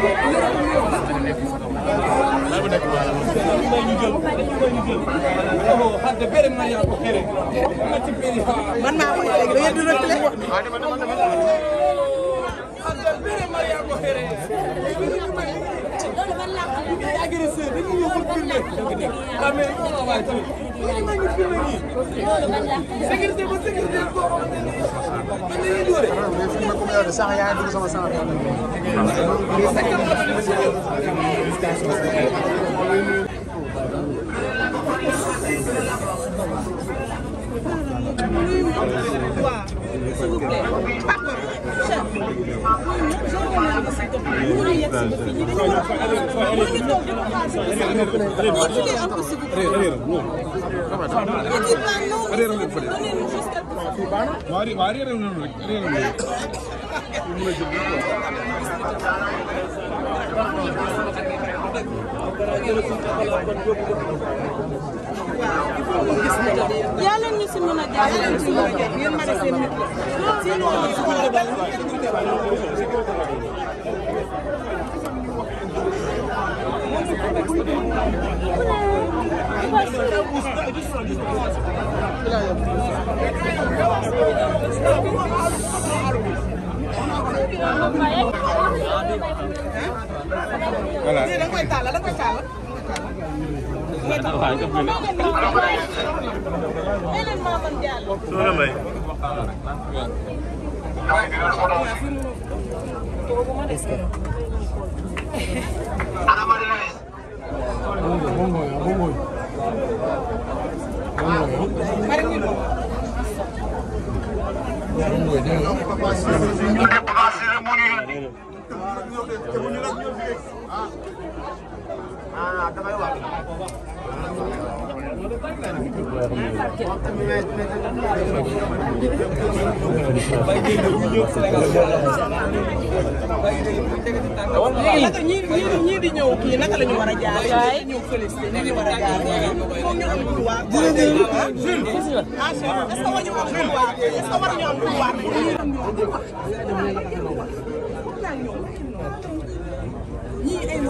man maa koy léegi da ngeen di rëkkale. ay agresseurs dañuy ñëw pour filmer ah mais non waaye tamit ñu mën ñu filmer nii. sécurité ba sécurité boo xamante ne man la ñuy dóore. mais fi ma ko ma yore sax yaa ngi dugg sama sànq. waaw. s'il vous plaît. వారి వారి yàlla ñu si mën a jàllale ci yoon bi yéen ma ne seen nit la sinon voilà. Soxna Mbaye. est-ce que. 뭔 거예요? 뭔 거예요? 뭔 거예요? 다른 거. 뭔 거예요? 아, 아까 말고 léegi ñii ñii ñii di ñëw kii naka la ñu war a jaaree. waaye ñëw fële si li ñu war a jaaree. moom ñu am droit. jërëjëf ah est-ce que war ñu am droit est-ce que war ñu am droit.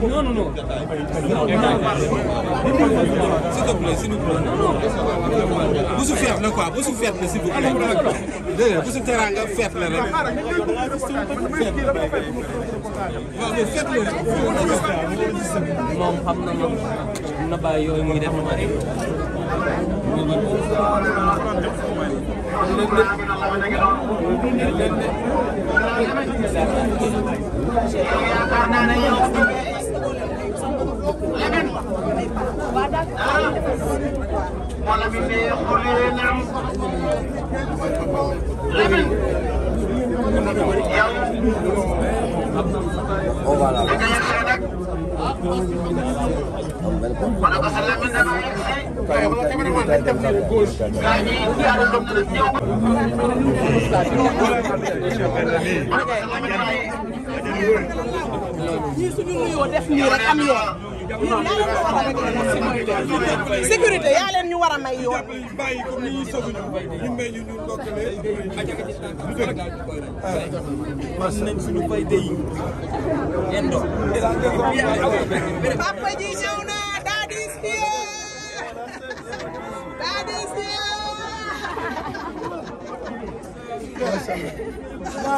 Non, non, non. S'il te plaît, s'il vous plaît. bu su feet la quoi bu su feet la s'il vous plaît. dégg nga bu su teraanga feet la rek. waaw mais feet la. na moom na bàyyi yooyu muy def lu bari. léeg Lamine ne xulee naam Lamine yow da nga yegsi nag ma ne ko sa Lamine da nga yegsi gaa ñi yàlla lom na ñëw ma ne ko sa Lamine ay ñii suñu nuyoo def nii rek am yoon sécurité yaa leen ñu war a may yoon. papa ji ñëw na daa di inspiré daa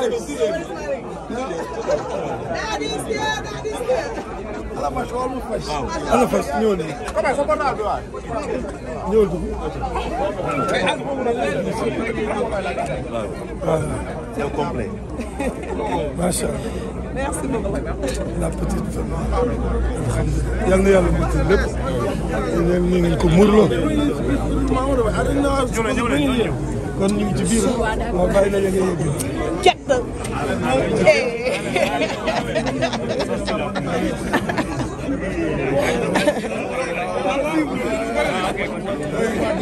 di inspiré daa di inspiré ala fas ñëw nii ñëw dugg waaw c'est complet macha allah merci beaucoup la petite vraiment alhamdulilah yal na yàlla mutu lépp ñu ngi leen ko muurloo kon ñu ngi ci biir waaw bàyyi la yegg yegg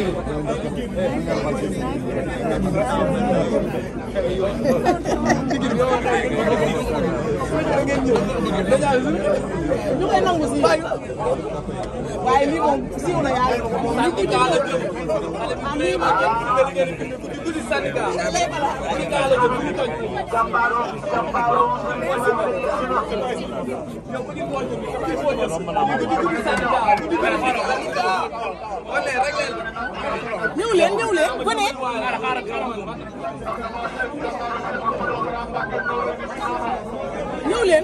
ñu koy nangu si waaye lii moom siiw na yaa ngi ko di syndicat syndicat la ñu toj. jàmbaaro jàmbaaro. yow bu ñu ko woon ñu ko woon ñu ko woon syndicat ñu ko woon rek leen. ñëw leen ñëw leen bu ne. ñëw leen.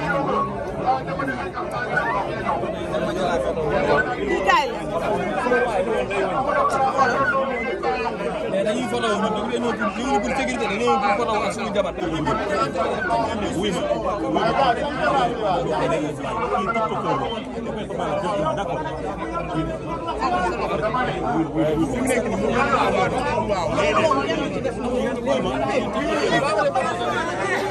dañuy foto wu ñun dañu leen di ñëw pour sécurité dañu leen di foto ak suñu jabar. wuy ma wuy ma wuy ma wuy ma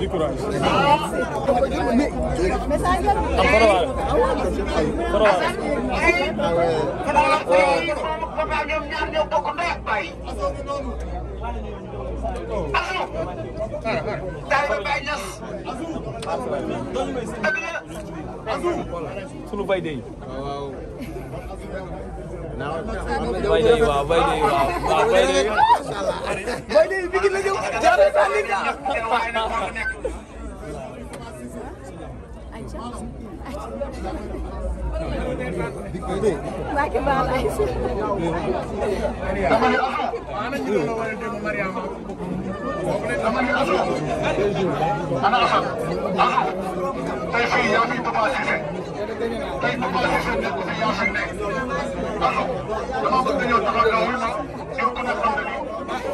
du courage. sunu bay dey bay dey waaw bay dey waaw waaw bay dey bi Pikine la jëm jaaree sa ligne dama bëgg ñëw taxaw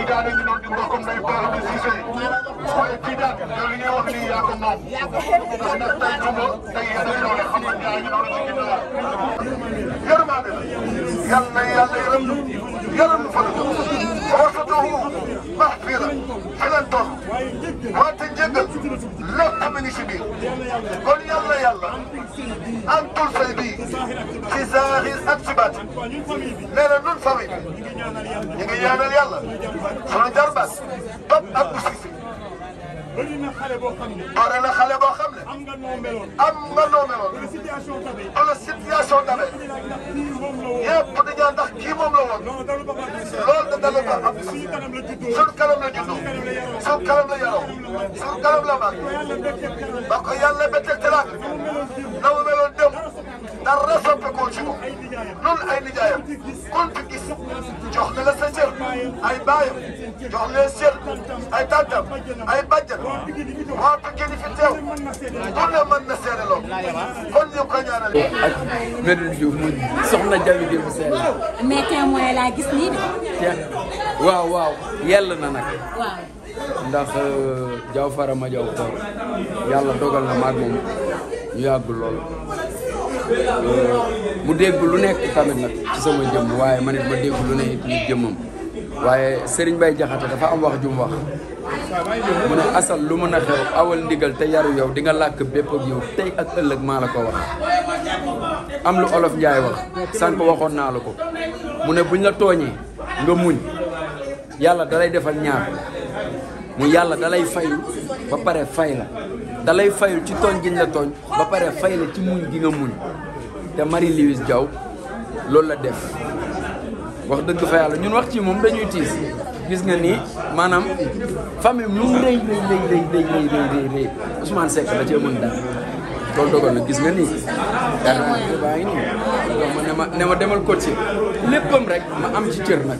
Pidaat a ngi noonu di wax comme day baax di Cissé waaye Pidaat yow li ngay wax nii yaa ko moom ndax nag tey juma tey yéen a doole xam nga yaa ngi noonu ci ginnaaw. yërmande la yàlla yàlla yërëm yërëm fa la boo sa doxu baax fii la. toll wante njëggal lépp am na si biir kon yàlla yàlla antul say bii ci zahir ak ci baat nee na nun famille bi ñu ngi ñaanal yàlla sunu jarbaat topp ak bu sisi bare na xale boo xam ne am nga noo meloon. am nga noo meloon. wala situation dabe. wala kii moom la woon. loolu da dalu ba la juddoo. suñu kanam la juddoo. suñu kanam la yaroo. suñu la mag. ba ko mu meloon dem. dara soppeekoo ay nijaayam. kon fi gis jox ay baayam jox leen sel ay tantam ay bàjjan waa Pikine fi teew pour ne mën na seede lool kon ñu ko ñaanal. ak Medoune Diouf soxna Jabi Diouf seen. mais témoin laa gis nii de. waaw waaw yàlla na nag. waaw. ndax euh, Diaw Fara ma Diaw Fara dogal na maag moom ñu yàgg lool. Euh, mu dégg lu nekk tamit nag ci sama jëmm waaye man ma dégg lu ne it jëmmam. waaye Serigne bay Jaxate dafa am wax jum wax mu ne asal lu mën a xew awal ndigal te yaru yow di nga làkk bépp ak yow tey ak ëllëg maa la ko wax am lu olof Njaay wax sànq waxoon naa la ko mu ne buñ la tooñee nga muñ yàlla dalay defal ñaar mu yàlla dalay fayu ba pare fay la dalay fayul ci tooñ giñ la tooñ ba pare fay la ci muñ gi nga muñ te Marie Louise Diaw loolu la def wax dëgg fa yàlla ñun wax ci moom dañuy tiis gis nga ni maanaam famille lu mu rëy rëy rëy rëy rëy rëy rëy rëy Ousmane Seck da cee mën daal loolu dogal na gis nga nii baa ngi nii ma ne ma ne ma demal coaché léppam rek ma am ci cër nag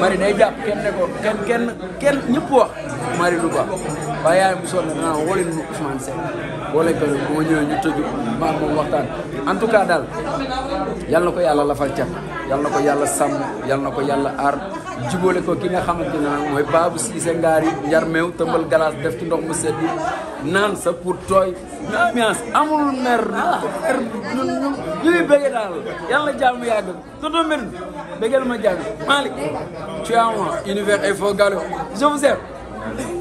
mari day jàpp kenn ne ko kenn kenn kenn ñëpp wax mari du ba waaye yaayam bu sonn naa woo leen ma Ousmane Seck woo leen ko bu ma ñëwee ñu tëju ma moom waxtaan en tout cas daal yàlla na ko yàlla lafal cat yal na ko yàlla sàmm yal na ko yàlla aar jubóole ko ki nga xamante ne nag mooy baabu siise ngaar yi njar meew tëmbal galaas def ci ndox mu sedd naan sa pour tooy ambiance amul mer mer ñu ñu ñuy bëgge daal yàlla yàgg tonton Mbène bëggeel ma jàmm Malick tu es à moi univers et faux galop je